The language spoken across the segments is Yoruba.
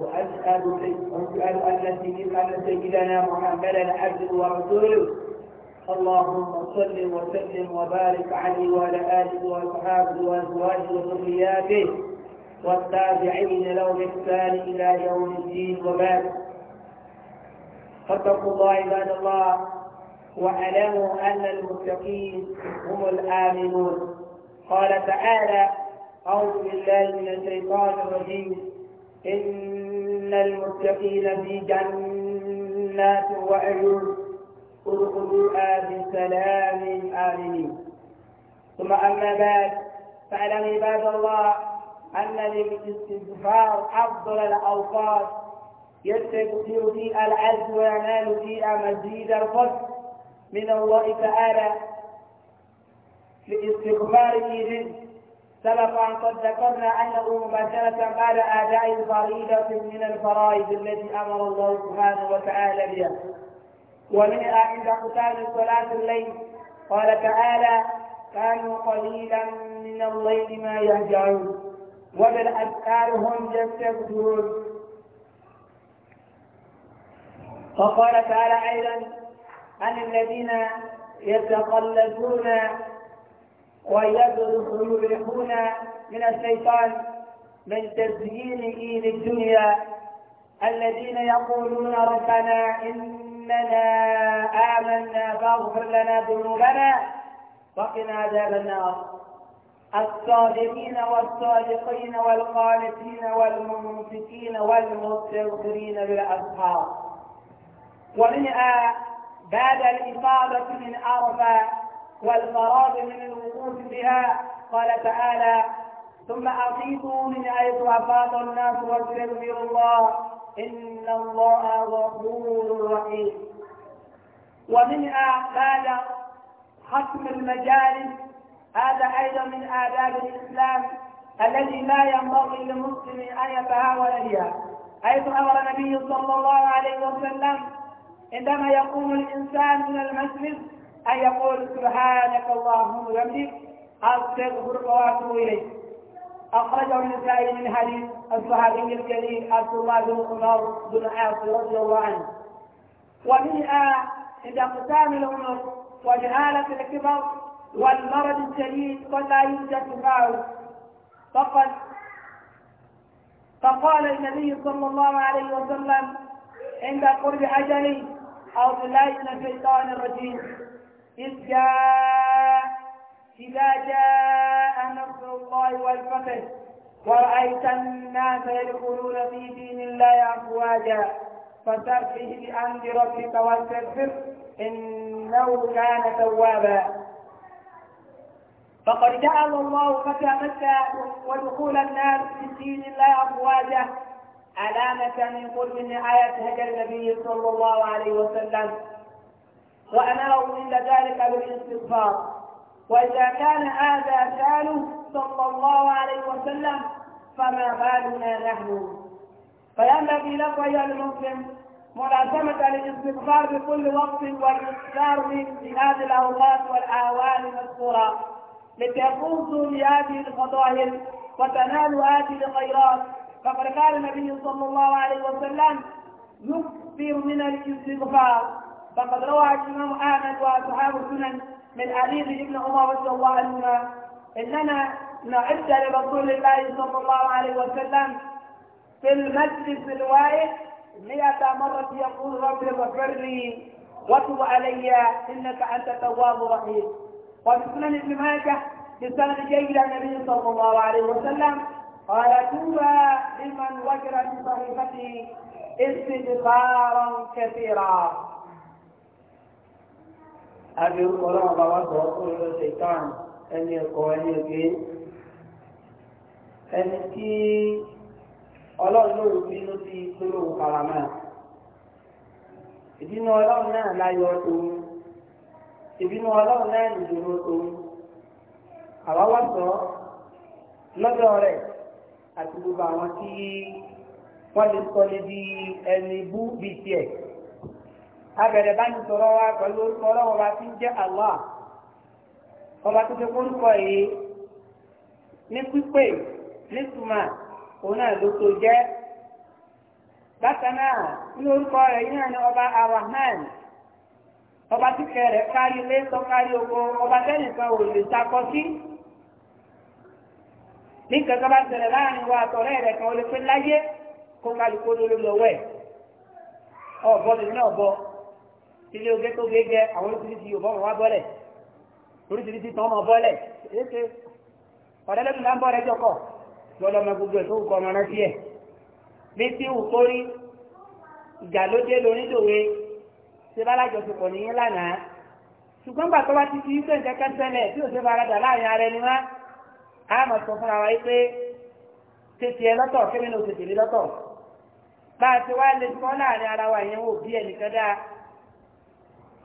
وأسأل وأسأل أن سيدنا محمدا عبده ورسوله اللهم صل وسلم وبارك عليه وعلى آله وأصحابه وأزواجه وذرياته والتابعين له بإحسان إلى يوم الدين وبعد فاتقوا الله عباد الله واعلموا أن المتقين هم الآمنون قال تعالى أعوذ بالله من الشيطان الرجيم إن إن المتقين في جنات وعيون ادخلوها آه، بسلام آمنين ثم أما بعد فاعلم عباد الله أن للاستغفار أفضل الأوقات يستكثر فيها العز وينال فيها مزيد الفضل من الله تعالى في استغفاره منه سبق أن قد ذكرنا أنه مباشرة بعد أداء فريضة من الفرائض التي أمر الله سبحانه وتعالى بها ومنها عند قتال صلاة الليل قال تعالى كانوا قليلا من الليل ما يهجعون وبالأذكار هم يستبدون وقال تعالى أيضا عن الذين يتقلدون ويبرحون من الشيطان من تزيينه للدنيا الذين يقولون ربنا إننا آمنا فاغفر لنا ذنوبنا وقنا عذاب النار الصادقين والصادقين والقانتين والمنفقين والمستغفرين بالأسحار ومنها آه، بعد الإصابة من أربع والفراغ من الوقوف بها قال تعالى ثم أفيضوا من حيث أفاض الناس واستغفروا الله إن الله غفور رحيم ومنها بعد ختم المجالس هذا أيضا من آداب الإسلام الذي لا ينبغي للمسلم أن يتهاون بها حيث أمر النبي صلى الله عليه وسلم عندما يقوم الإنسان من المسجد أن يقول سبحانك اللهم وبحمدك أستغفرك وأتوب إليك أخرجه النسائي من حديث الصحابي الكريم عبد الله بن عمر بن العاص رضي الله عنه ومنها عند اقسام العمر وجهالة الكبر والمرض الشديد قد لا يوجد تفاوت فقد فقال النبي صلى الله عليه وسلم عند قرب أجلي أعوذ بالله من الشيطان الرجيم إذ جاء إذا جاء نصر الله والفتح ورأيت الناس يدخلون في دين الله أفواجا فسبح بأمر ربك واستغفر إنه كان توابا فقد جعل الله مكة مكة ودخول الناس في دين الله أفواجا علامة من قرب نهاية هجر النبي صلى الله عليه وسلم وأمره عند ذلك بالاستغفار وإذا كان هذا شانه صلى الله عليه وسلم فما بالنا نحن فينبغي لك يا المسلم ملازمة للاستغفار بكل وقت والإكثار من هذه الأوقات والأهوال المذكورة لتفوزوا بهذه الفضائل وتنالوا هذه الخيرات فقد قال النبي صلى الله عليه وسلم يكثر من الاستغفار فقد روى الإمام أحمد وأصحاب السنن من حديث ابن عمر رضي الله عنهما إننا نعد لرسول الله صلى الله عليه وسلم في المجلس الواحد مئة مرة يقول رب اغفر لي وتب علي إنك أنت التواب الرحيم وفي سنن ابن ماجه بسند جيد النبي صلى الله عليه وسلم قال توبى لمن وجد في صحيفته استغفارا كثيرا àbí orúkọ ọlọ́run bá wá gbọ́ kó lọ sí ìtàn ẹni ẹ̀kọ́ ẹni ògbé ẹni tí ọlọ́run lóru bínú ti gbólóhùn karamá ìbínú ọlọ́run náà láyọ̀ tòun ìbínú ọlọ́run náà nìdúró tòun àwa wá sọ lọ́dọ̀ rẹ̀ àti gbogbo àwọn tí wọ́n lè sọ lè di ẹni bú bíi tiẹ̀ abẹ̀rẹ̀ bá ní sọ̀rọ̀ wa pẹ̀lú orúkọ ọlọ́wọ́ wa ti ń jẹ́ Allah ọba tó ti kórúkọ yìí ní pípé nítumà òun náà ló tó jẹ́ bákan náà ní orúkọ rẹ̀ yìí náà ní ọba Arahman ọba tí kẹrẹ̀ kárí ilé tó kárí oko ọba tẹ́nìkan ò lè sakọ sí ní nǹkan bá ṣẹlẹ̀ láàrin wa àtọ̀rẹ́ rẹ̀ kan ó lè pé láyé kó kálukó lórí lọ́wọ́ ẹ̀ ọ̀bọ ilé oge tó gé gẹ àwọn oríṣiríṣi yóò bọ́ wá bọ́lẹ̀ oríṣiríṣi tán mọ̀ bọ́lẹ̀ ṣeéṣe ọ̀dẹ́lẹ́dùn náà ń bọ́ rẹ jọkọ̀ lọ́lọ́ ọmọ gbogbo ẹ̀ tó kọ ọmọ rántí ẹ̀ bí tí ò kórí ìgbà ló dé lónídòwe ṣe bá lájọ tó pọ̀ níyìn lánàá ṣùgbọ́n gbà tó bá ti fi iṣẹ́ ìjẹ́kẹ́ sẹ́lẹ̀ tí ò ṣe fara dà láàrin ara ẹni wá á mọ̀ sọ fúnra wa pé tètè ẹ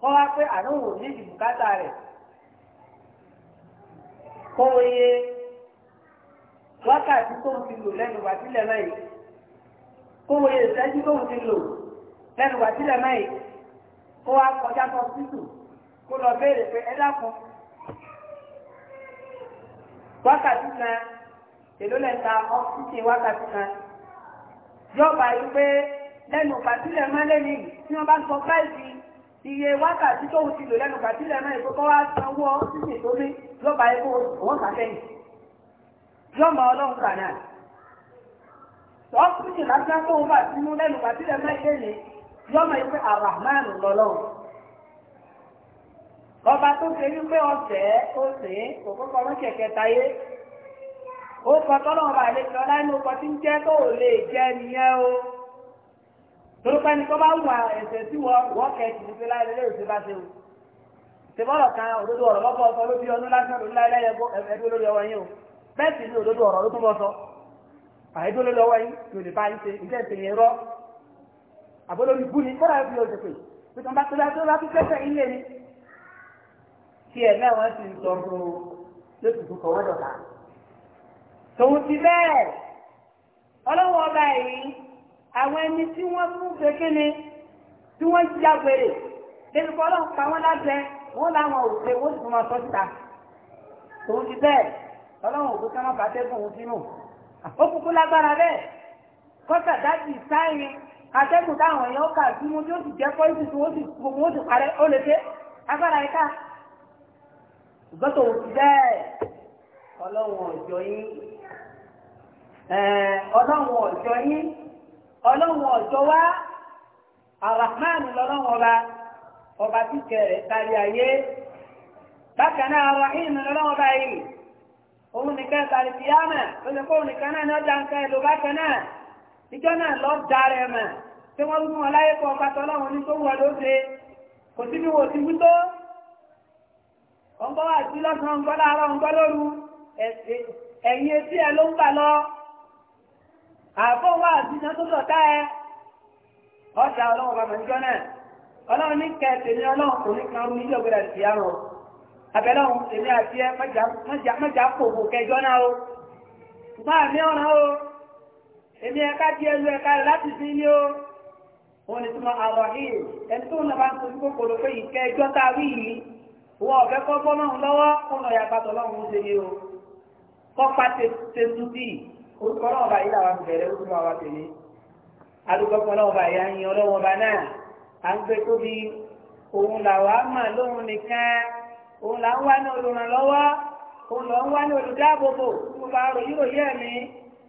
kọ́ wá pé àdánwò ní ìbùkátà rẹ̀ kó o yẹ wákàtí tó ń ti lò lẹ́nu wà sílẹ̀ mẹ́yìn kó o yẹ ìṣẹ́jú tó ń ti lò lẹ́nu wà sílẹ̀ mẹ́yìn kó wá kọjá tó títù kó lọ béèrè pé ẹ dákun wákàtí kan èló lẹ́ta ọ́fíìsì wákàtí kan yọ̀ọ̀bà yìí pé lẹ́nu wà sílẹ̀ mẹ́lẹ́ni tí wọ́n bá sọ báyìí iye wákàtí tó ti lò lẹ́nu gbàtí lẹ́nu náà ìkókó wá sanwó títì tó ní lọ́ba epo òun sàkẹ́yìn yọmọ ọlọ́run kà náà ọ́fíìsì lásán tó ń bà sínú lẹ́nu gbàtí lẹ́nu náà ìdè ní yọmọ ìpè Arahman lọ́lọ́run ọba tó ṣe wípé ọ̀sẹ̀ ó ṣe kò kókó ọmọ kẹ̀kẹ́ táyé ó kọ́ tọ́lọ́run bá lè sọ láì ní ọkọ̀ tí ń jẹ́ tó ò lè jẹ́ nìyẹn o torípé ní kó bá wà ẹ̀sẹ̀ tí wọ́n kẹ́ẹ̀kì ní pé láìlẹ́ lè ṣe bá ṣe o ṣe bọ́ọ̀rọ̀ kan òdodo ọ̀rọ̀ lọ́kọ̀ ọ̀sọ́ ló fi ọdún lásán lórí láìlẹ́ ẹ̀dú lórí ọwọ́ yín o bẹ́ẹ̀ ní òdodo ọ̀rọ̀ ló tún bọ́ sọ àìdó lórí ọwọ́ yín kí lè bá yín ṣe ìjẹ́ ìṣe yẹn rọ́ àbólórí bú ni kódà fi oṣù pé pé bá tó tó bá tún fẹ́fẹ́ ọlọ́wọ́ ọba yìí àwọn ẹni tí wọ́n mú kékeré tí wọ́n ya wèrè débi kọ́ lọ́n pa wọ́n lábẹ́ wọ́n láwọn òṣèré wọ́n sì fún wọn sọ́síta tòun ti bẹ́ẹ̀ ọlọ́run òkú sọ́mọ́ fàtẹ́gùn òun sínú ó kúkú lágbára bẹ́ẹ̀ kọ́sà dájì sáyẹn atẹ́gùn táwọn èèyàn kà sí mu tí ó sì jẹ́ pọ́ìsì tí wọ́n sì gbogbo ó sì parẹ́ ó lè dé agbára yìí ká gbọ́tò òun ti bẹ́ẹ̀ ọlọ́run ọ̀jọ́ yín ọlọ́run ọ̀jọ́ yín. ọlọ́run ọ̀jọ́ wá arahman lọ́lọ́run ọba ọba tí kẹrẹ tari ayé bákan náà arahim lọ́lọ́run ọba yìí òun nìkan tari fìyàmà ó lè kó òun nìkan náà ní ọjà nǹkan èlò bákan náà ìjọ náà lọ wọ́n mú wọn láyé ọba ní tó wọ lọ. àfọwọ́ àti iná tó sọ̀tá ẹ ọ̀sà ọlọ́wọ́ bàbá ìjọ náà ọlọ́run ní kẹsì ní ọlọ́run kò ní kan omi ilé ògbéra sí àrùn abẹ́lọ́run èmi àti ẹ mọ́jà pòpò kẹjọ náà o bá mi ọ̀ràn o èmi ẹ̀ka di ẹlú ẹ̀ka rẹ̀ láti fi ní o wọn ni tí mo àrọ̀ yìí ẹni tó ń lọ bá ń sojú kòkòrò pé ìkẹjọ tá a yìí wọ́n ọ̀fẹ́ kọ́ bọ́ lọ́wọ́ orúkọ náà bá yìí làwọn bẹ̀rẹ̀ orúkọ àwọn tèmi adúgbòkọ náà bá yà ń yan ọlọ́wọ́ bá náà à ń gbé tóbi òun làwọn á mà lóhun nìkan òun là ń wá ní olùrànlọ́wọ́ òun lọ ń wá ní olùdáàbòbò mo bá rò yíro yé mi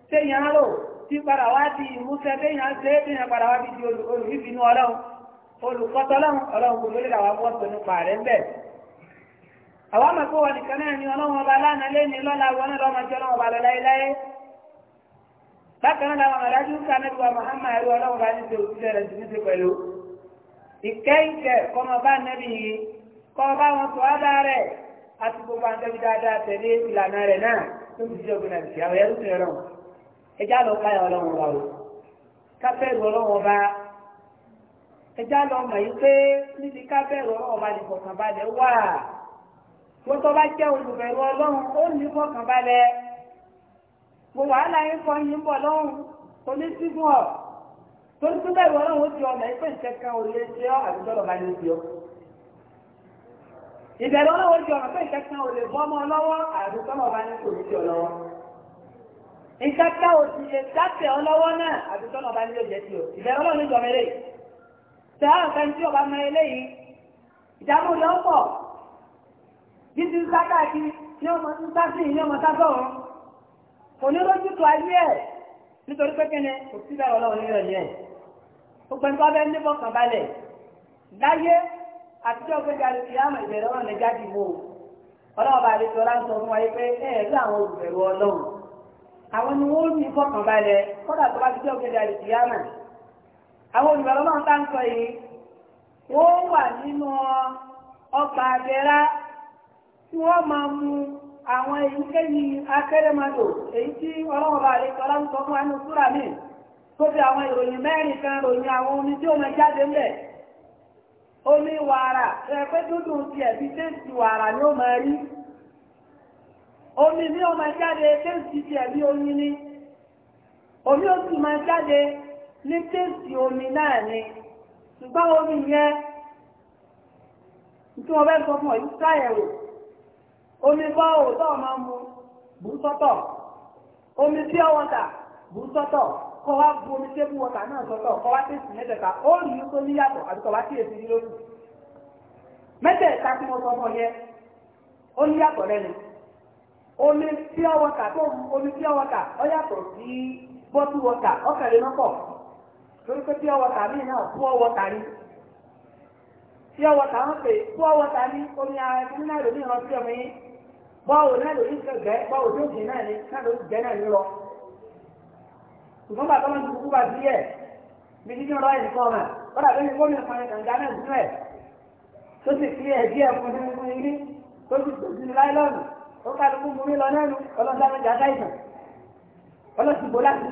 téèyàn rò tí padà wá di ìmúṣẹ téèyàn ṣe téèyàn padà wá di di olùfífinú ọlọ́run olùkọ́tọ́ ọlọ́run ọlọ́run kò lórí làwọn bọ́ sọ nípa rẹ̀ ń bẹ̀ àwọn àmọ̀ pé wọn nìkan náà ni ọlọ́run ọba lánàá lé ní lọ́la wọn náà lọ́mọdé ọlọ́run ọba lọ láéláé bákan náà làwọn àdájú ká náà wà mọ̀hámà ẹ̀rú ọlọ́run bá ní ṣe òṣìṣẹ́ rẹ̀ sí ní ṣe pẹ̀lú ìkẹ́ ìkẹ́ bá nẹ́bí yìí kọ́mọ bá wọn tó ádá rẹ̀ àti gbogbo àǹtẹ́bí dáadáa tẹ̀lé ìlànà rẹ̀ náà tó ti ṣe ògbìn àti àwọn ẹrú tẹ̀lé ọlọ́run ẹjá lọ ká ọlọ́run wa o kábẹ́rù ọlọ́run ọba ẹjá lọ mọ̀ yìí pé níbi ọba nìfọ̀kànbalẹ̀ wà wọ́n tó bá ó ní mo wàhálà yín kọ́ yín bọ̀ lọ́rùn onísìnkú ọ̀ tó ń túbọ̀ ìwọ náà ó ti ọ̀nà ìpè ìkẹ́kẹ́ ò lè ṣe ọ́ àbíjọ́ lọ́ba ní ìbẹ̀rẹ̀ náà ó ti ọ̀nà pé ìkẹ́kẹ́ ò lè bọ́ ọmọ lọ́wọ́ àbíjọ́ lọ́ba ní kò ní lọ́wọ́. ìkẹ́kẹ́ ò ti lè dáṣẹ̀ ọ lọ́wọ́ náà àbíjọ́ lọ́ba ní lójẹ́ ti ọ. ìbẹ̀rẹ̀ náà ló kò ní lójú tó ayé ẹ̀ nítorí pé kíni kò sí bẹ́ẹ̀ ọlọ́run nínú ẹ̀mí ẹ̀ gbogbo ẹni tó bẹ́ẹ̀ ní bọ́kàn balẹ̀ láyé àtijọ́ gbẹ́gbẹ́ àti àmọ̀ ìbẹ̀rẹ̀ wọn lè jáde mọ́ ọlọ́run bá lè sọ láǹtọ̀ fún wa yìí pé ẹ̀ rí àwọn olùbẹ̀rù ọlọ́run àwọn ni wọ́n ní bọ́kàn balẹ̀ kọ́dà tó bá ti jẹ́ gbẹ́gbẹ́ àti àmọ̀ àwọn olùbẹ̀rù àwọn èyíkéyìí akérèmọdò èyí tí ọlọ́wọ́ bá lè tọ́lá ń sọ fún ẹnu súra mi tó fi àwọn ìròyìn mẹ́rin kan ròyìn àwọn omi tí ó máa jáde ńbẹ̀ omi wàrà ẹ̀pẹ́ dúdú ti ẹ̀bí tẹ́sì wàrà ni ó máa rí omi ní ó máa jáde tẹ́sì ti ẹ̀bí oyin ni omi ó sì máa jáde ní tẹ́sì omi náà ni ṣùgbọ́n omi yẹn tí wọ́n fẹ́ sọ fún ọ yìí sáyẹ̀wò omi bọ́ọ̀ tó máa mu bù sọ́tọ̀ omi tí ọwọ́ ta bù sọ́tọ̀ kọ́ wá bu omi tébù wọ́tà náà sọ́tọ̀ kọ́ wá tẹ̀sí mẹ́tẹ̀ẹ̀ta ó rí i tó níyàtọ̀ àti kọ́ wá tí èsì lórí mẹ́tẹ̀ẹ̀ta tí mo sọ fún ọ yẹ ó níyàtọ̀ lẹ́nu omi tí ọwọ́ ta tó omi tí ọwọ́ ta ọ yàtọ̀ sí bọ́tù wọ́tà ọkàlẹ̀ náà pọ̀ lórí pé tí ọwọ́ ta mí náà bú ọwọ́ ta rí tí ọwọ́ ta wọn pè bú ọwọ́ ta ní omi ara ẹni náà lòmíràn sí ọmọ yín báwo náà lórí gẹ́gẹ́ báwo tó jẹ náà ní náà lórí náà ní lọ. ṣùgbọ́n bàbá wọn ti kú bá sí bí jíjí ọ̀rọ̀ ẹ̀ nìkan ọ̀nà wọ́n dàbí ní gómìnà kan ẹ̀ka náà sínú ẹ̀ tó ti fi ẹ̀ díẹ̀ fún un ilé tó ti tó sí láìlọ́ọ̀nù ó kálukú mú mi lọ lẹ́nu ọlọ́dàmẹ́jà dáìsàn ọlọ́sìnbó láti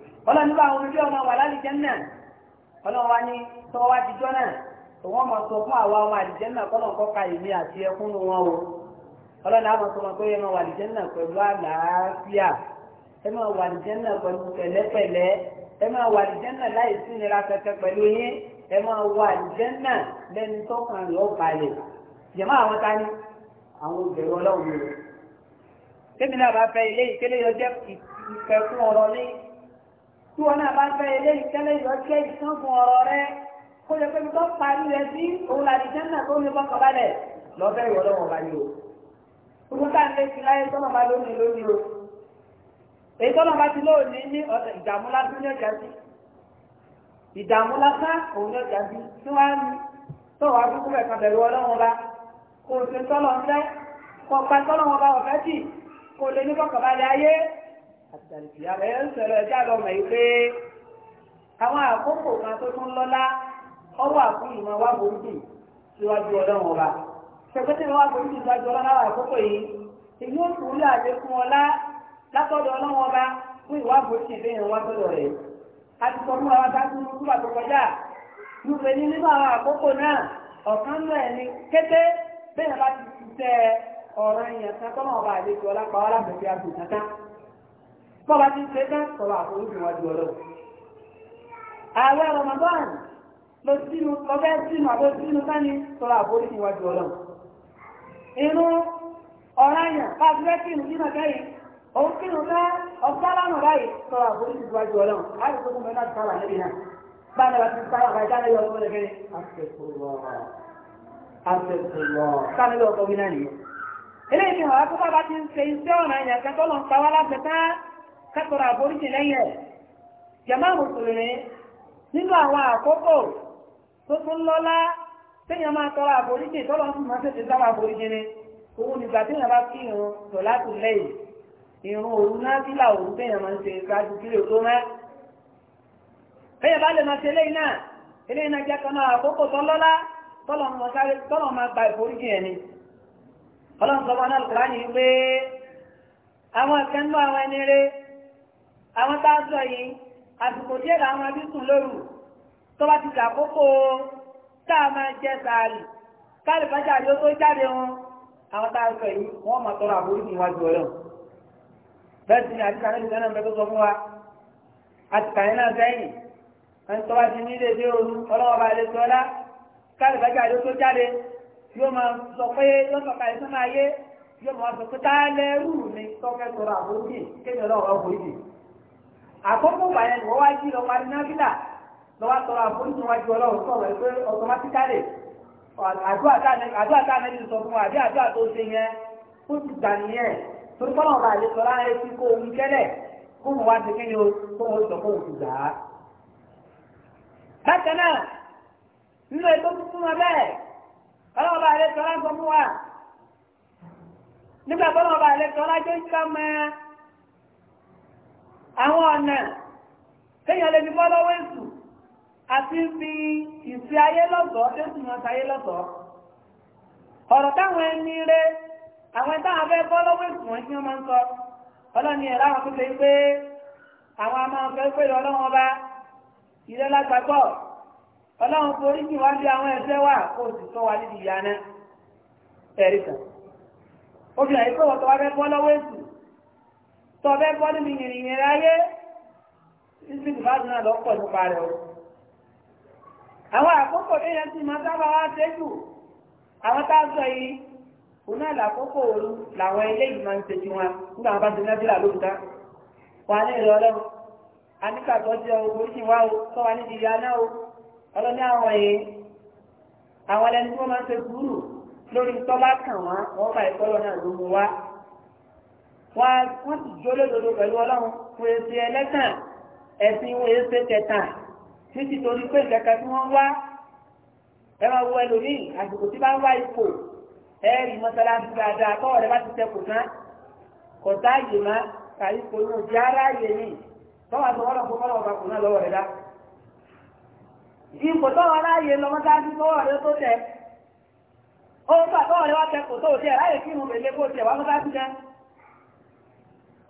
ọlọ́run nípa àwọn olùdí ọmọ wà lálùjẹ́ náà wani wa ní tọ́wọ́ wá náà wọ́n mọ̀ sọ fún ọmọ ka àti ẹkún wọn o wọn pé ẹ wà pẹ̀lú àlàáfíà wà àlùjẹ́ pẹ̀lú pẹ̀lẹ́pẹ̀lẹ́ ẹ wà àlùjẹ́ láì sí ìnira kẹkẹ pẹ̀lú wà lẹ́ni balẹ̀ jẹ̀mọ́ àwọn ọlọ́run mi rẹ̀ ilé yọjẹ́ ìfẹ́ tí wọn náà bá ń fẹ́ eléyìí tẹ́lẹ̀ yọ jẹ́ ìtàn fún ọ̀rọ̀ rẹ kó lè pé mi tó parí rẹ sí òun làdí jẹ́nà tó ní bọ́kàn balẹ̀ lọ́fẹ́ ìwọ lọ́wọ́ bá ní o. Gbogbo tá à ń lé sí láyé tọ́nà bá lónìí lónìí o. Èyí tọ́nà bá ti lónìí ní ọ̀sẹ̀ ìdààmú lásán ní ọjà sí. Ìdààmú lásán òun ní ọjà sí. Tí wọ́n á ní tó wàá kúkú rẹ̀ kan bẹ̀rù ọlọ́wọ́n bá. Kò sí tọ́lọ́ ń Kọ̀ọ̀pá tọ́lọ́ ọ̀fẹ́ tì. Kò lè ní bọ́kàn balẹ̀ ayé àtàlùfíà rẹ̀ ń sọ̀rọ̀ ẹja lọ mọ̀ yìí pé àwọn àkókò kan tó tún lọ́lá ọwọ́ àfún ìmọ̀ wá bòógì síwájú ọlọ́run ọba ṣèkọ́tì ìmọ̀ wá bòógì síwájú ọlọ́run àwọn àkókò yìí èyí ó kù ní àlékún ọlá látọ̀dọ̀ ọlọ́run ọba fún ìwà bòógì ìfẹ́yìn wá tọ̀dọ̀ rẹ̀ àti sọ fún àwọn akáàkiri kúbà tó kọjá lùfẹ́ ní nínú àwọn àkókò náà ọ̀kan náà ni kété bẹ́ẹ̀ bá ti ti tẹ ọ̀rọ̀ ìyẹn kan tọ́nà ọba àlejò ọlápá ọlápẹ̀fẹ́ àgbè bọ́ba ti ń ṣe tán sọ̀rọ̀ àforíjì wọn di ọlọ́wọ́. ààrẹ Ramadan lọ sínú ọbẹ̀ sínú àbọ̀ sínú sani sọ̀rọ̀ àforíjì wọn di ọlọ́wọ́. inú ọ̀ranyàn káàkiri kírun sínú kẹ́yìn òun kírun fẹ́ ọ̀sálàmù báyìí sọ̀rọ̀ àforíjì wọn di ọlọ́wọ́. láti tó kún mẹ́ta sára níbi náà bá a lọ sí sára àgbà ìdáná yọ ọmọ rẹ̀ kẹ́yìn. àfẹ́fọ̀lọ́ àfẹ́fọ̀lọ́ sáà nílò ọkọ̀ wí náà nìyẹn. eléyìí fi hàn wá pé bá a ti ń ṣe iṣẹ́ ọ̀ràn ìyàkẹ́ tó lọ ń pa wá láti tán kátọrọ àforíjì lẹ́yìn ẹ̀ jàmá mùsùlùmí nínú àwọn àkókò tó tún lọ́lá téèyàn máa tọrọ àforíjì tọ́lọ́ ń máa tètè sábà àforíjì ni òun nígbà téèyàn bá kí irun lọ láti lẹ́yìn irun òru náà sílà òru téèyàn máa ń ṣe ṣáájú kílè tó mẹ́. téèyàn bá lè máa ṣe eléyìí náà eléyìí náà jẹ́ kan náà àkókò tó lọ́lá tọ́lọ̀ máa gba ìforíjì ẹ̀ ni ọlọ́run sọ wọn náà kúránì pé àwọn akẹ́ńdọ́ àwọn ẹni rẹ̀ àwọn tá a sọ yìí àsìkò díẹ̀ làwọn abí sùn lóru tó bá ti dàkókò tá a máa jẹ sàárì káàlì fájà yóò tó jáde wọn àwọn tá a sọ yìí wọ́n máa tọrọ àforíjì níwájú ọlọ́run bẹ́ẹ̀ sì ni àti kàní ìlú náà mẹ́tọ́ sọ fún wa àti kàní náà sẹ́yìn ẹni tó bá ti ní dédé ooru ọlọ́wọ́ bá lè sọ́lá káàlì fájà yóò tó jáde yóò máa sọ pé yóò sọ kàní sọ́nà ayé yóò máa sọ pé tá a lẹ́rù mi tọ́kẹ́ tọrọ àforíjì àkókò bàyẹn ni wọ́n wá jí lọ parí lọ́wọ́ tọrọ àforíjì wájú ọlọ́run sọ̀rọ̀ ẹ pé àdúrà tá a nẹ́ni sọ fún wa àbí àdúrà tó ṣe yẹn ó ti gbà nìyẹn torí kọ́nà ọ̀la àlè sọ láàrin etí kó omi kẹ́lẹ̀ kó wá ti kí ni o sọ fún òkú gbà á. bákan náà nínú ètò tuntun wọn bẹ́ẹ̀ àlè sọ fún wa nígbà àlè sọ àwọn ọ̀nà kéèyàn lè fi fọ́lọ́wọ́ èsù àti fi ìsí ayé lọ́tọ̀ọ́ tó sì lọ́tọ̀ọ́ ọ̀rọ̀ táwọn ẹni rẹ àwọn táwọn fẹ́ fọ́lọ́wọ́ èsù wọn kí wọ́n máa ń sọ ọlọ́ni tó ṣe pé àwọn a máa fẹ́ pé ọlọ́wọ́n bá lágbàgbọ́ forí bí àwọn wà kó sì tọ́ wa níbi tọ́bẹ́ bọ́ níbi ìrìn ìrìn ráyé ìsìnkú bá dùn náà lọ́pọ̀ nípa rẹ̀ o àwọn àkókò tó yẹ ti máa sábà wá séjù àwọn tá a sọ yìí òun náà làkókò òru làwọn ilé yìí máa ń ṣe tiwọn nígbà wọn bá ti nẹ́bílà lóòótá wà ní ìlú ọlọ́run aníkàtọ́ ti ọgbọ́n sì wá o kọ́ wa níbi ìyá náà o ọlọ́ní àwọn yìí àwọn ẹni tí wọ́n máa ń ṣe sùúrù lórí tọ́lá kàn wá wọ́n bá ìkọ́lọ́ náà ló mú wá wọ́n ti jólódodo pẹ̀lú ọlọ́run fún èsì ẹlẹ́tàn ẹ̀sìn wọn èsì tẹ̀tàn títí torí pé ìkẹ́kẹ́ tí wọ́n wá ẹ máa wo ẹlòmíì àsìkò tí bá ń wá ipò ẹ rí mọ́sálásí dáadáa tọ́wọ́ rẹ bá ti tẹ kò tán kò tá àyè má kàyí kò ní òjì ara àyè ní tọ́wọ́ àti wọ́n lọ fún fọ́lọ́ kò náà lọ́wọ́ rẹ dá. ipò tọ́wọ́ aráyè lọ mọ́sálásí tọ́wọ́ rẹ tó tẹ ó gbà tọ́wọ́ rẹ wá tẹ kò tó tẹ ráyè kí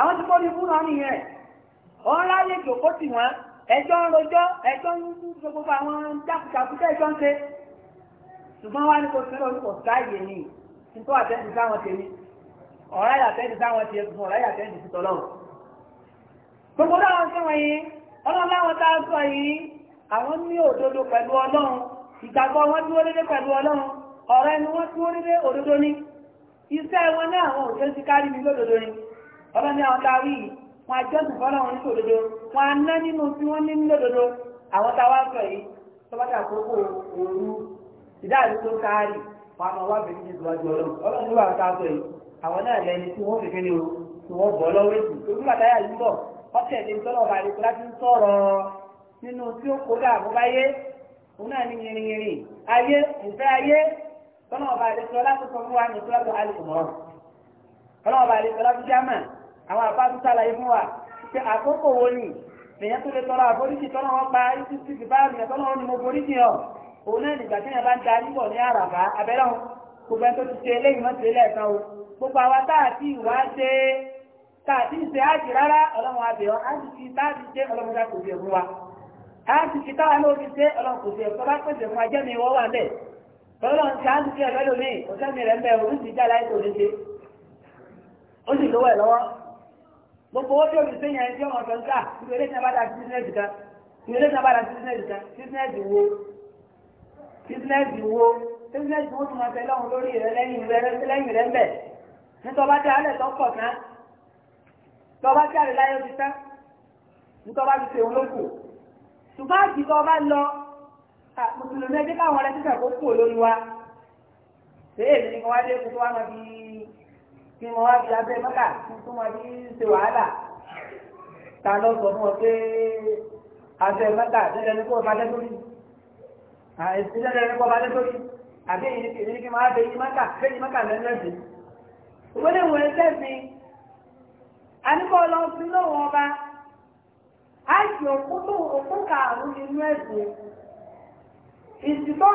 àwọn tí kò ní fún wọn nìyẹn wọn láyé jòkó tì wọn ẹjọ́ ń rojọ́ ẹjọ́ ń rú gbogbo àwọn jákùjákùjẹ́ ẹjọ́ ń ṣe ṣùgbọ́n wá ní kò sí lórí kò sáàyè ni nítorí àtẹ́ǹdì sáwọn tèmi ọ̀rá yàtẹ́ǹdì sáwọn tèmi fún ọ̀rá yàtẹ́ǹdì sí tọ́lọ́run gbogbo láwọn tí wọ́n yìí ọlọ́run láwọn tá a sọ yìí àwọn ní òdodo pẹ̀lú ọlọ́run ìgbàgbọ́ wọn dúró dédé pẹ̀lú ọlọ́run ọ̀rọ̀ ẹni wọn dúró dédé òdodo ni iṣẹ́ wọn náà àwọn òṣèlú ti kárí mi lódodo ni ọlọ́ni àwọn táwí wọn àjọsìn fọ́lọ́ wọn nípa òdodo wọn aná nínú tí wọ́n ní lódodo àwọn táwa sọ yìí tọ́bátà òru ìdáàbí tó káàrì wọn àmọ́ bẹ̀rẹ̀ ọlọ́run ọlọ́run sọ yìí àwọn náà lẹni tí wọ́n fi o tí wọ́n bọ̀ lọ́wọ́ èsì láti bá àwọn àbájú sàlàyé fún wa pé àkókò wo ni lèyàn tó lè tọrọ àforíjì tọ́nà wọn pa ìtúsí ti bá àmì tọ́nà ni mo foríjì hàn òun náà nígbà tí yẹn bá ń da níbọ̀ ní àràbá abẹ́rẹ́ wọn gbogbo ẹni tó ti ṣe eléyìí mọ́ sílẹ̀ kan o gbogbo àwa táàtì ìwà ṣe táàtì ìṣe áàtì rárá ọlọ́run abẹ́ọ́ áàtì ti táàtì ṣe ọlọ́run dá kò fi ẹ̀fún wa áàtì ti táwa náà fi ṣe ọlọ́run kò fi ẹ̀fún bá pèsè fún ajẹ́mi gbogbo owó tó fi sẹ́yìn ẹni tí ọmọ ìwé ilé ìjọba dá bísínẹ́sì kan ìwé ilé ìjọba dá bísínẹ́sì kan bísínẹ́sì wo bísínẹ́sì wo bísínẹ́sì wo tó máa tẹ lọ́hùn lórí rẹ lẹ́yìn rẹ lẹ́yìn rẹ mbẹ̀ nítorí ọba tí lọ́kọ̀ kan tọba tí alẹ́ láyé ti tán nítorí ọba ti ṣe òun lóko ṣùgbọ́n àti ọba lọ mùsùlùmí ẹjẹ́ káwọn ọ̀rẹ́ kí wọ́n wá fi abẹ́ mọ́kà tó máa fi ṣe wàhálà ta lọ sọ fún ọ pé abẹ́ mọ́kà tẹ́lẹ̀ ní kó o balẹ̀ lórí tẹ́lẹ̀ ní kó o balẹ̀ lórí àbí èyí kí lẹ́nu òwe lè sẹ́sìn àníkọ́ lọ sí lọ́wọ́ ọba á ẹ̀sìn ìsìtọ́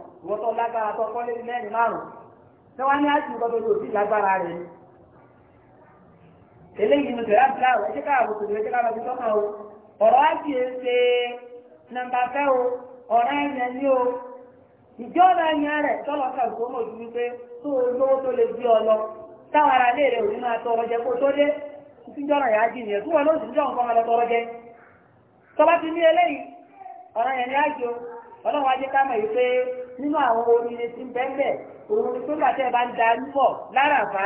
ìwọ́n tó lágbára tó kọ́lé mẹ́rin márùn-ún tí wọ́n ní àti nǹkan tó sí lágbára rẹ̀ ni. eléyìí ni tẹ̀lé àbúrò àwọn ẹ̀ṣẹ́ káàbò tòlú ẹ̀ṣẹ́ káàbò tó kàn o ọ̀rọ̀ á sì ṣe nàmbà fẹ́ o ọ̀rọ̀ ẹ̀yẹ ní o ìjọ ọ̀rọ̀ ẹ̀yẹ rẹ̀ tọ́lọ̀ kan kó mọ̀ ju wípé tó o lówó tó lè bí ọ lọ táwọn ará ilé rẹ̀ ò ní máa tọrọ jẹ kó tó dé síjọ́nà yà á jì nìyẹn tí wọn ọ̀rọ̀ yẹn ní àjò ọlọ́run ajé ká mọ̀ yìí pé nínú àwọn oríire tí ń òun ni sódà tẹ́ bá ń da nípọ̀ láràfá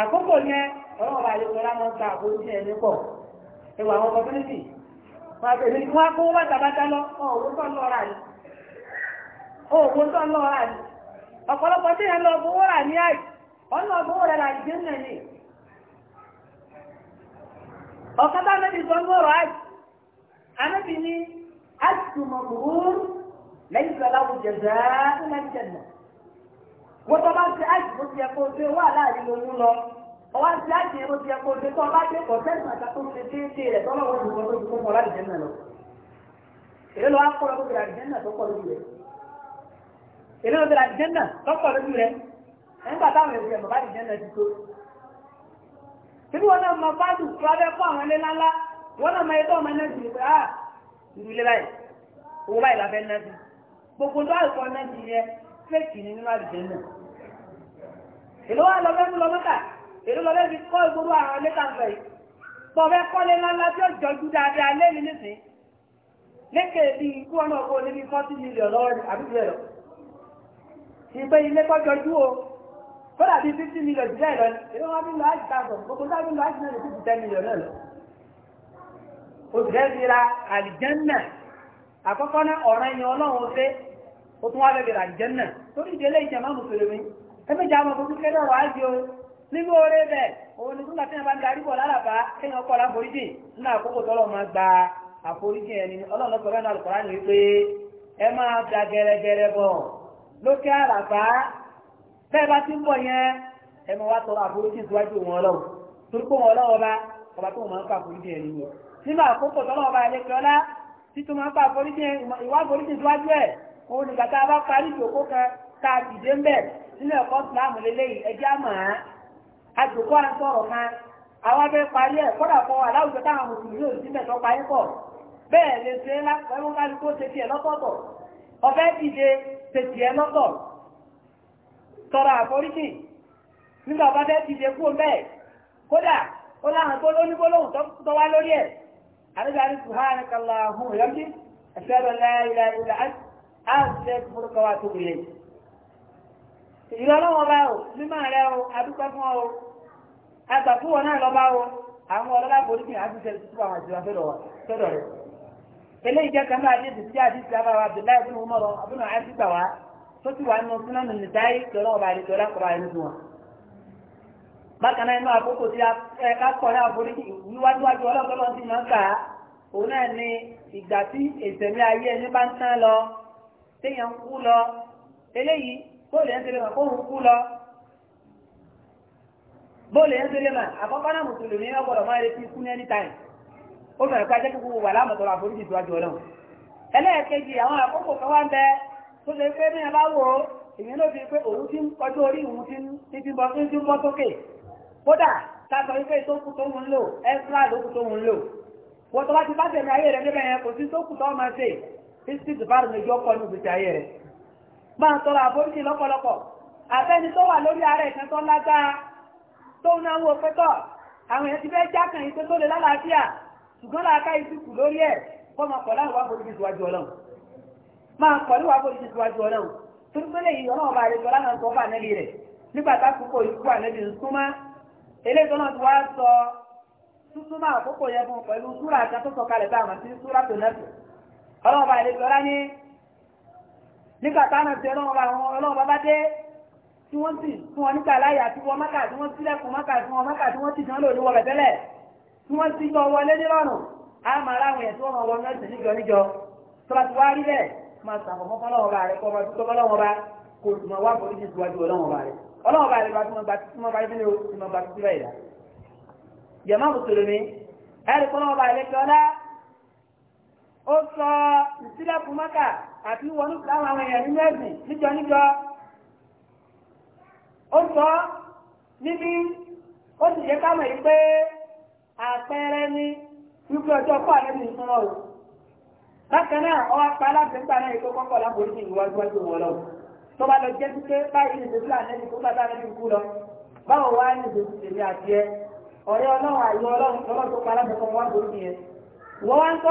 àkókò yẹn ọlọ́run bá lè sọ́ra ta àkókò tí ẹ ní pọ̀ àwọn opportunity wọn àti èmi wọn kó bàtà bàtà lọ òwò tó ń lọ rà ní tó ń lọ rà ní ọ̀pọ̀lọpọ̀ tí lọ rà ní àì rẹ̀ lẹ́yìn tó aláwọ̀ jẹ̀dá tó lẹ́yìn jẹ̀dá. wọ́n tó bá ń ṣe àìsàn tó ti yẹ kó o ṣe wà láàrin ló mú lọ. ọwọ́ ń ṣe àìsàn tó ti yẹ kó o ṣe tó ọba dé kọ̀ sẹ́yìn àti àtúntò ṣe déédéé rẹ̀ tọ́lọ́ wọ́n ti kọ́ tó ti kó mọ́ láàrin jẹ́nà lọ. èyí ló wá kọ́ lọ́ bóbi láàrin jẹ́nà tó pọ̀ lójú wọn náà mọ fáàdù tó abẹ́ fún àwọn ilé ńláńlá wọn náà mọ ẹgbẹ́ ọmọ náà pé ah ìlú ilé báyìí owó báyìí la fẹ́ náà sí gbogbo tó àìkọ́ náà ti yẹ fẹ́ẹ̀kì ní nínú àdìjẹ́ náà èló wà lọ́fẹ́ mú lọ́mọ́tà èló lọ́fẹ́ fi kọ́ ìgboro àwọn lẹ́tà fẹ́ yìí pọ̀fẹ́ kọ́lé ńláńlá tí ó jọjú dáadáa lẹ́ni nísìn lékè bí ikú ọ̀nà ọkọ̀ níbi fọ́tí mílíọ̀n lọ́wọ́ ni àbí bẹ́ẹ̀ lọ ilé kọ́ jọjú o kódà bíi fifty million jù bẹ́ẹ̀ lọ ni èló wọn bí lọ àjì tààtọ̀ gbogbo sáà bí lọ àjì náà lè fífi ten million náà lọ oṣù rẹ̀ fi ra àlìjẹ́ náà àkọ́kọ́ náà ọ̀ràn ẹni ọlọ́run ṣe ó nwa wá na àjẹ́nà torí ìdílé ìjàmá mùsùlùmí ẹgbẹ́jà ọmọ kò kékeré ọ̀rọ̀ á jọ nínú oore bẹ̀ òun ni nígbà tí wọ́n bá ń darí bọ̀ lálàbá kéèyàn kọ́ láforíjì nínú àkókò tọ́lọ́ máa gba àforíjì ẹni ọlọ́run lọ́kọ̀ọ́ da bá òun a bá parí ìjòkó kan tá a sì na mbẹ nínú ẹ̀kọ́ ìsìláàmù lélẹ́yìn ẹjẹ́ àmọ́ á àjòkó à ń sọ̀rọ̀ kan àwọn abẹ́ parí ẹ̀ kọ́dà kọ́ aláwùjọ táwọn mùsùlùmí ò sí mẹ́tọ́ parí pọ̀ bẹ́ẹ̀ lè ṣe lápẹ́wọ́ kálukó ṣe dìde tọrọ nígbà bá dìde kú kódà ó tó gbólóhùn tó wá àṣẹ múlùkọ wa tó wulẹ̀. ìrọ̀lọ́wọ́ bá o mímọ́ rẹ o adúpẹ́ o àgbà fún wọn o àwọn ọlọ́lá polisi àti ṣe tó àwọn àti wọn fẹ́rọ̀ rẹ. eléyìí jẹ́ kan náà àdéhùn sí àdéhùn àbá wa abdullahi ibn umar abúlé àti gbà wá tó ti wà nínú súná nínú dáì lọ́wọ́ bá àdéhùn ọlá kọ́ra ẹni fún wọn. bákan náà inú àkókò tí a kọ́ náà polisi níwájúwájú ọlọ́gbọ́n ti máa ń kà á òun náà ni ìgbà tí ìṣẹ̀mí ayé ẹni bá ń tán lọ téèyàn ń kú lọ eléyìí bóòlù yẹn tẹ́lẹ̀ mà kó ń kú lọ bóòlù yẹn tẹ́lẹ̀ mà àkọ́kọ́ náà mùsùlùmí náà gbọ́dọ̀ máa retí kú ní ẹni táì ó bẹ̀rẹ̀ pé ajẹ́kùkú wà láàmọ̀tọ́rọ̀ àforíjì tó àjọ náà ẹlẹ́ẹ̀kejì àwọn àkókò kan wá ń bẹ tó ṣe pé bí ẹ bá wò ó èyí ló fi pé òun ti ń kọjú orí òun ti ń bọ́ ti ń bọ́ sókè kódà tábọ̀ wípé tó kù tó ń lò ẹ́sìlá ló kù tó ń lò wọ́n tó bá istigbar mẹjọ kọ ní òbítí ayé rẹ̀ máa tọrọ àforíjì lọ́pọ̀lọpọ̀ àbẹ́ni tó wà lórí ara ìkan tó lágbára tó ń náwó pẹ́tọ̀ àwọn èèyàn ti fẹ́ jákàn ìpé tó lè lálàáfíà ṣùgbọ́n làákà ìsìnkú lórí ẹ̀ kọ́ máa kọ̀ láwọn àforíjì síwájú ọlọ́run máa kọ̀ ní àforíjì síwájú ọlọ́run tó ń pélé yìí ọlọ́run bá àlejò lánàá sọ fà nẹ́bí rẹ̀ nígbà tákùkọ ìkú ànẹ́bí ń sọ ọlọ́ọ̀bá ìlẹ́gbẹ̀ ọlá ní nígbà táwọn ti ọlọ́ọ̀bá bá dé tí wọ́n sì fún wọn nígbà láyà tí wọ́n mọ́kà tí wọ́n sílẹ̀kùn mọ́kà tí wọ́n mọ́kà tí wọ́n ti dánlò olúwọ̀ rẹ̀ tẹ́lẹ̀ tí wọ́n ti jọ wọlé nílọ́rùn á máa láwọn ẹ̀ tí wọ́n wọ nọ́ọ̀sì níjọ níjọ tó bá ti wá rí bẹ́ẹ̀ máa sàmọ̀mọ́ fọlọ́wọ́ba rẹ̀ kọ́ ọmọdé tó fọlọ́wọ́ba kò sì mọ̀ wá borí ti síwájú ọlọ́wọ́ba rẹ̀ ọlọ́wọ́ba rẹ̀ bá túnmọ̀ bá túnmọ̀ bá ìdílé o túnmọ̀ bá túnmọ̀ ìdá. jẹ̀mọ́ mùsùlùmí ẹ̀rí kọ́lọ́wọ́ba ilé kí ọlá ó sọ ìsílẹ̀kùn mọ́kà àti wọnú láwọn àwọn èèyàn nínú ẹ̀sìn níjọ níjọ ó sọ níbi ó sì yẹ kámọ̀ yìí pé àpẹẹrẹ ní wípé ọjọ́ kọ́ àlẹ́ mi fún ọ bákan náà ọwọ́ apá alábẹ́gbà náà ètò kọ́kọ́ láborí ní ìwájú wájú wọn lọ tó bá lọ jẹ́ sí pé báyìí ní ìdòtí ànẹ́bí tó bàbá kú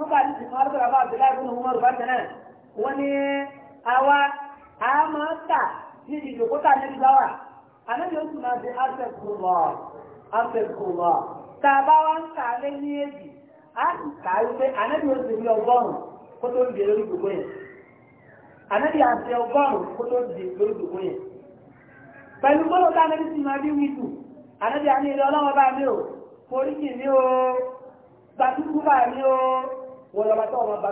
wọ́n bá ti sìnkú alùpùpù àbá abdullahi ibùn umar bákan náà wọ́n ní àwa a máa kà ní ìjókòó tà ní ìgbàwà àlejò ó sì máa di afẹ́kùnlọ́ afẹ́kùnlọ́ tá a bá wá ń kà lé ní ni a sì kà á wípé àlejò ó sì ní ọgọ́rùn-ún kó tó ń di lórí gbogbo yẹn àlejò àti ọgọ́rùn-ún kó tó ń di lórí gbogbo yẹn pẹ̀lú gbọ́dọ̀ tá a lè sì máa bí wíjù àlejò àmì ilé ọlọ́wọ́ bá mi ò foríkì mi ò gbàdúgbò bá mi ò wọ́n lọ́ba tó ọmọ bá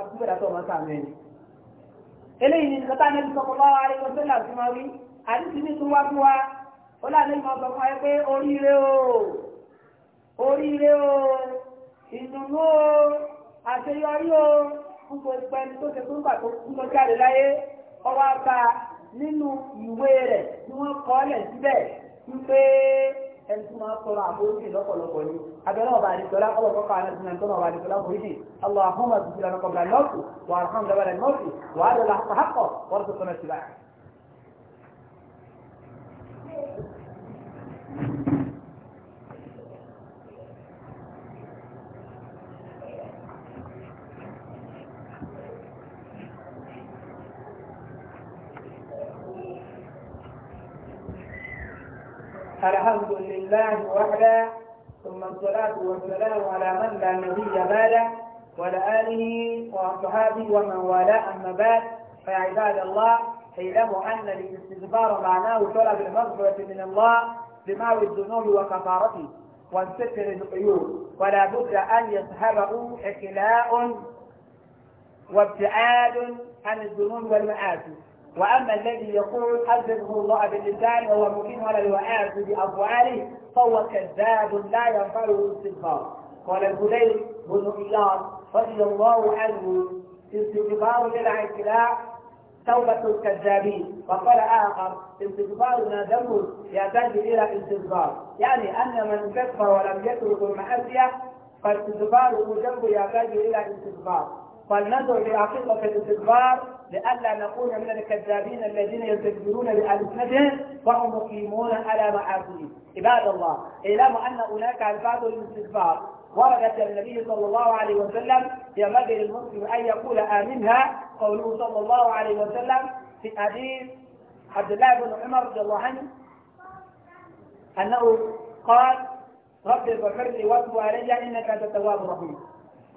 ni nǹkan tá a nẹ́bi sọ fún wa wá lẹ́kọ̀ọ́ sẹ́lá sí máa wí àdìsí ní tún wá fún wa ó láàánú ìmọ̀ sọ fún wa pé oríire o oríire o ìdùnnú o àṣeyọrí ọwọ́ apá nínú ìwé rẹ̀ tí wọ́n kọ́ lẹ̀ síbẹ̀ wípé ẹni tí máa sọ̀rọ̀ àforíjì lọ́pọ̀lọpọ̀ ni abẹ́rẹ́ ọba àdìsọ́lá ọba kọ́kọ́ àwọn ẹ̀sìn náà tó náà wà àdìsọ́lá foríjì allahumma zikira nakobla nọ́ọ̀tù wà alhamdulilayi nọ́ọ̀tù wà á dọ̀là hakọ̀ wọ́n tó tọ́nà síbáyà. لله وحدا ثم الصلاة والسلام على من لا نبي بعده وعلى آله وأصحابه ومن والاه أما بعد فيا عباد الله اعلموا أن الاستغفار معناه طلب المغفرة من الله بماوي الذنوب وكفارته والستر للقيود ولا بد أن يصحبه إخلاء وابتعاد عن الذنوب والمعاصي وأما الذي يقول حدثه الله باللسان وهو مكين ولا يؤاخذ بأقواله فهو كذاب لا ينفعه استغفار قال الهذيل بن إياض رضي الله عنه استغفار للعكلاء توبة الكذابين وقال آخر استغفار ما ذنب يحتاج إلى استغفار يعني أن من كفر ولم يترك المعصية فاستغفاره ذنب يحتاج إلى استغفار فلندعو إلى حقيقة الاستكبار لئلا نكون من الكذابين الذين يستكبرون بألسنتهم وهم مقيمون على معاصيهم عباد الله اعلموا أن هناك ألفاظ الاستكبار وردت النبي صلى الله عليه وسلم ينبغي للمسلم أن يقول آمنها قوله صلى الله عليه وسلم في حديث عبد الله بن عمر رضي الله عنه أنه قال رب اغفر لي واتب علي إنك أنت التواب الرحيم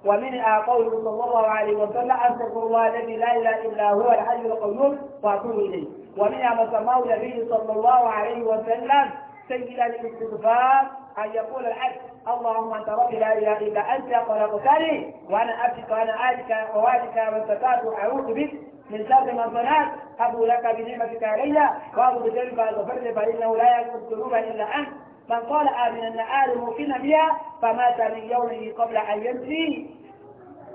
ومنها قوله صلى الله عليه وسلم استغفر الله الذي لا اله الا هو الحي القيوم واتوب اليه ومنها ما سماه النبي صلى الله عليه وسلم سيد الاستغفار ان يقول العبد اللهم انت ربي لا اله الا انت خلقتني وانا أبكي وانا الك ووالك واستطعت اعوذ بك من شر ما صنعت ابو لك بنعمتك علي وابو بذنبك غفرت فانه لا يغفر الذنوب الا انت من قال آمنا أن آل موقنا بها فمات من يومه قبل أن يمسي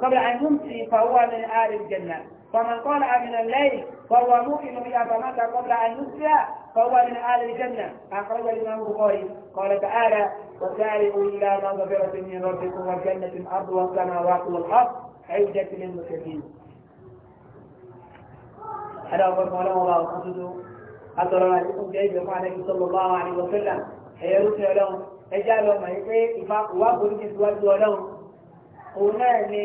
قبل أن يمسي فهو من آل الجنة ومن قال آمنا الليل فهو موقن بها فمات قبل أن يمسي فهو من آل الجنة أخرج الإمام البخاري قال تعالى وسارعوا إلى مغفرة من ربكم وجنة الأرض والسماوات والأرض عدة للمتقين هذا هو قول الله وقصده أترى عليكم جيد وقال النبي صلى الله عليه وسلم ẹ̀yẹ ló ti ọlọ́run ẹjá lọ mọ̀ yí pé ìwà polúkì síwájú ọlọ́run òun náà ni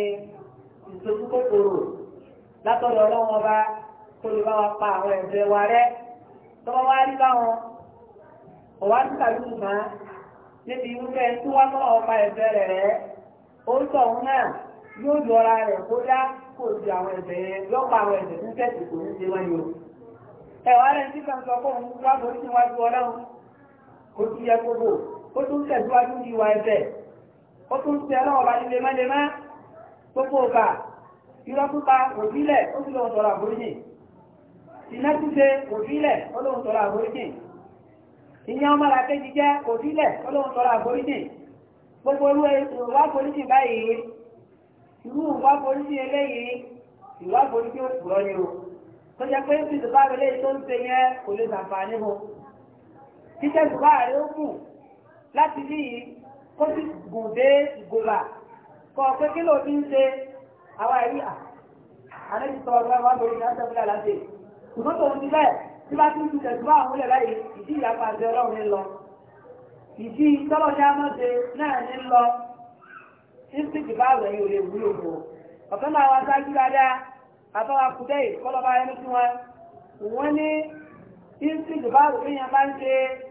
ìsojúkòkòrò látọ̀dọ̀ ọlọ́run ọba kó lè bá wa pa àwọn ẹ̀bẹ̀ wa rẹ́ tọ́wọ́ wá rí báwọn ọ̀wá ń tàbí mọ́ níbi irúfẹ́ tí wọ́n tọ́ ọba ẹ̀bẹ̀ rẹ̀ rẹ́ orúkọ òun náà yóò yọra rẹ̀ kó dá kó di àwọn ẹ̀bẹ̀ yẹn lọ́pọ̀ àwọn ẹ̀bẹ̀ tó ń tẹ̀sí kò ní ṣe wọ́n yóò ẹ̀wà rẹ̀ ń tí kó tún yẹ kókó kó tún tẹ̀síwájú ní ìwà ẹ̀fẹ̀ ó tún tẹ ọlọ́wọ́ bá nílé mẹ́lẹ́mẹ́ gbogbo ọ̀gá irọ́ pípa òbílẹ̀ ó sì lọ́wọ́ sọ̀rọ̀ àforíjì iná ṣíṣe òbílẹ̀ ó lọ́wọ́ sọ̀rọ̀ àforíjì ìyẹn ọmọ làkejì jẹ́ òbílẹ̀ ó lọ́wọ́ sọ̀rọ̀ àforíjì gbogbo irú ìwà àforíjì báyìí irú ìwà àforíjì eléyìí ìwà àforíjì òkùrọ̀ ni o tó jẹ́ pé ìfìdí bá wọlé tó ń títẹ́ ìgbà rẹ̀ ó mú láti bí kó sì gùn dé ìgbòlà kọ pé kí ló ti ń ṣe àwa ẹ̀rí à àlejò sọ ọ̀rọ̀ ẹ̀wọ̀n lórí ní àtẹ̀kùnlẹ̀ aláṣẹ ṣùgbọ́n tòun ti bẹ́ẹ̀ tí bá tún ti tẹ̀síwá àwọn olè báyìí ìdí ìyapa àti ọlọ́run ń lọ ìdí tọ́lọ́jà mọ́ṣe náà ń lọ ìsìnkì bá rẹ̀ yóò lè wúlò bò ọ̀kan náà wá sáájú dáadáa àbáwá kúdẹ́ ìkọlọ́ba ẹni tí wọ́n ní ìsìnkì bá rẹ̀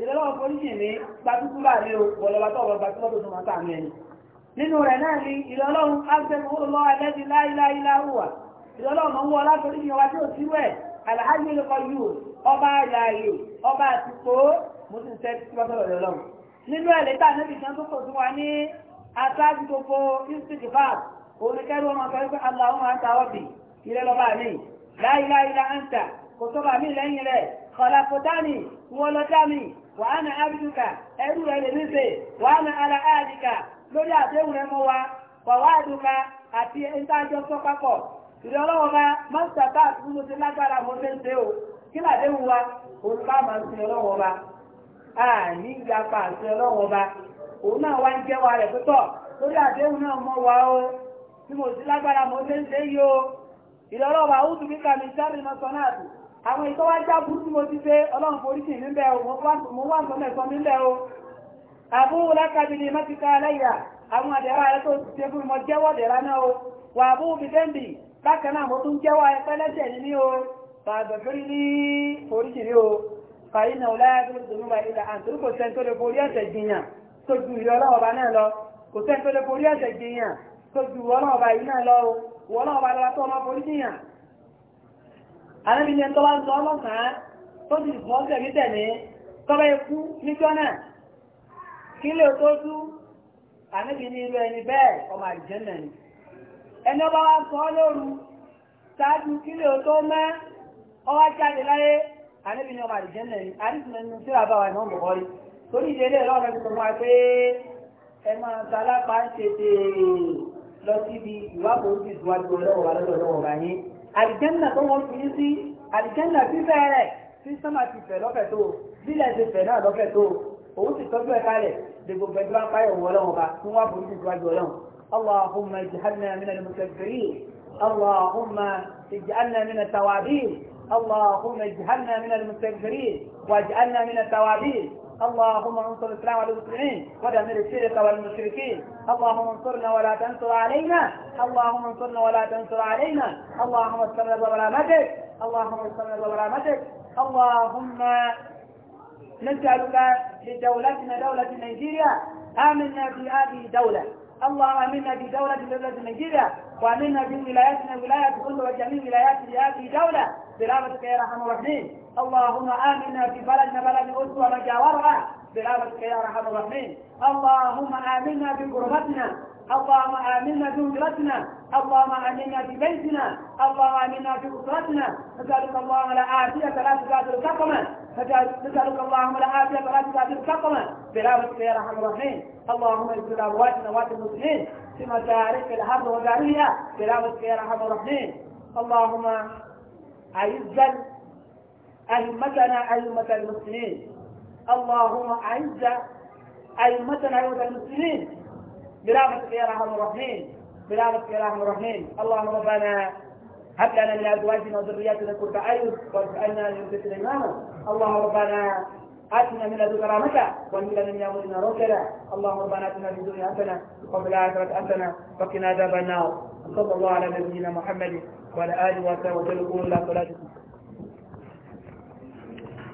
ìrẹ́lọ́wọ́ polisi ní gbatúkúbà ní ọ̀pọ̀lọpọ̀ tó ọ̀rọ̀ gbatúkúbà tó tún máa tààmì ẹni nínú rẹ̀ náà ni ìrọ̀lọ́run agbẹ̀mọ́ lọ ẹlẹ́dì láìláìláhùwà ìrọ̀lọ́run ọwọ́ alátorí ni ọba tí ó sí wẹ̀ wàá na abdùkà ẹrú rẹ lè mí sè wàá na ara àdìkà lórí àdéhùn rẹ mọ wa wàá àdùkà àti ìtajọ sọ papọ̀ ìrẹ́ ọlọ́wọ́ bá mọ́tà bá àtúntò ti lágbára mo o kí làdéhùn wa olùkọ́ àmà ń sin àní ìgbàpá àti ọlọ́wọ́ òun náà wá ń jẹ́ wa rẹ̀ pẹ́tọ̀ lórí àdéhùn náà mọ́ wa o tí mo ti lágbára mo yìí o ìrẹ́ àwọn ìtọ́ wá já burú mo ti pé ọlọ́run foríkì níbẹ̀ o mo wà sọ́nà ẹ̀sọ́ níbẹ̀ o àbúrò lákàbìlì mọ́tíkà aláìyà àwọn àdẹ̀rà rẹ̀ tó ṣe fún mọ jẹ́wọ́ dẹ̀rà náà o wà àbúrò fi dẹ́mbì bákan náà mo tún jẹ́wọ́ ẹ̀fẹ́ lẹ́sẹ̀ ní o ní foríkì ní o fàyí náà tó àrẹ́bí ni ẹ̀tọ́ wá ń sọ ọlọ́sàn-án tó ti sọ ọ́sẹ̀ tẹ̀lé tọ́bẹ̀ ikú níjọ́ náà kí lè tó tú àrẹ́bí ni irú ẹni bẹ́ẹ̀ ọmọ àlùjànnà ni ẹni ọba wá sọ lóru ṣáájú kí lè tó mẹ́ ọwá jáde láyé àrẹ́bí ni ọmọ àlùjànnà ni àrísìmẹ́nu tí wàá bá wà náà bọ̀ rí torí ìdílé lọ́rọ̀ ti sọ fún wa pé ẹ máa ta lápá ń ṣe lọ síbi ìwákòó ti àlìjẹ́nà tó wọ́n fi sí àlìjẹ́nà fífẹ́ rẹ̀ tí sọ́mà ti fẹ̀ lọ́fẹ̀ tó lílẹ̀ ti fẹ̀ náà lọ́fẹ̀ tó òun ti tọ́jú ẹ̀ kalẹ̀ dèbò pẹ̀lú apáyọ̀ wọ ọlọ́run ọba tí wọ́n borí ìjọba jù ọlọ́run اللهم اجعلنا من المكبرين اللهم اجعلنا من التوابين اللهم اجعلنا من المكبرين واجعلنا من التوابين اللهم انصر الإسلام والمسلمين ودمر الشرك والمشركين اللهم انصرنا ولا تنصر علينا اللهم انصرنا ولا تنصر علينا اللهم استمر ببرامتك اللهم استمر ببرامتك اللهم نسألك لدولتنا دولة نيجيريا آمنا في هذه الدولة اللهم امنا في دولة دولة نيجيريا وامنا في ولاياتنا ولاية كل وجميع ولايات هذه الدولة برحمتك يا ارحم الراحمين اللهم آمنا في بلدنا بلد أسوة مجاورها برامتك يا أرحم الرحيم اللهم آمنا في قربتنا اللهم آمنا في هجرتنا اللهم آمنا في بيتنا اللهم آمنا في أسرتنا نسألك اللهم العافية لا تزادر الكقمة نسألك اللهم العافية لا تزادر الكقمة برامتك يا أرحم الرحيم اللهم اجعل أمواتنا وات المسلمين في مشارق الأرض ودارها برامتك يا أرحم الرحيم اللهم أعز أئمتنا أئمة المسلمين اللهم أعز أئمتنا أئمة المسلمين برحمتك يا أرحم الراحمين برحمتك يا أرحم الراحمين اللهم ربنا هب لنا من أزواجنا وذرياتنا كل أعين واجعلنا للمتقين إماما اللهم ربنا آتنا من لدنك رحمة وهب من يامرنا رشدا اللهم ربنا آتنا في الدنيا حسنة وفي الآخرة حسنة وقنا عذاب النار صلى الله على نبينا محمد وعلى آله وصحبه وسلم لا صلاة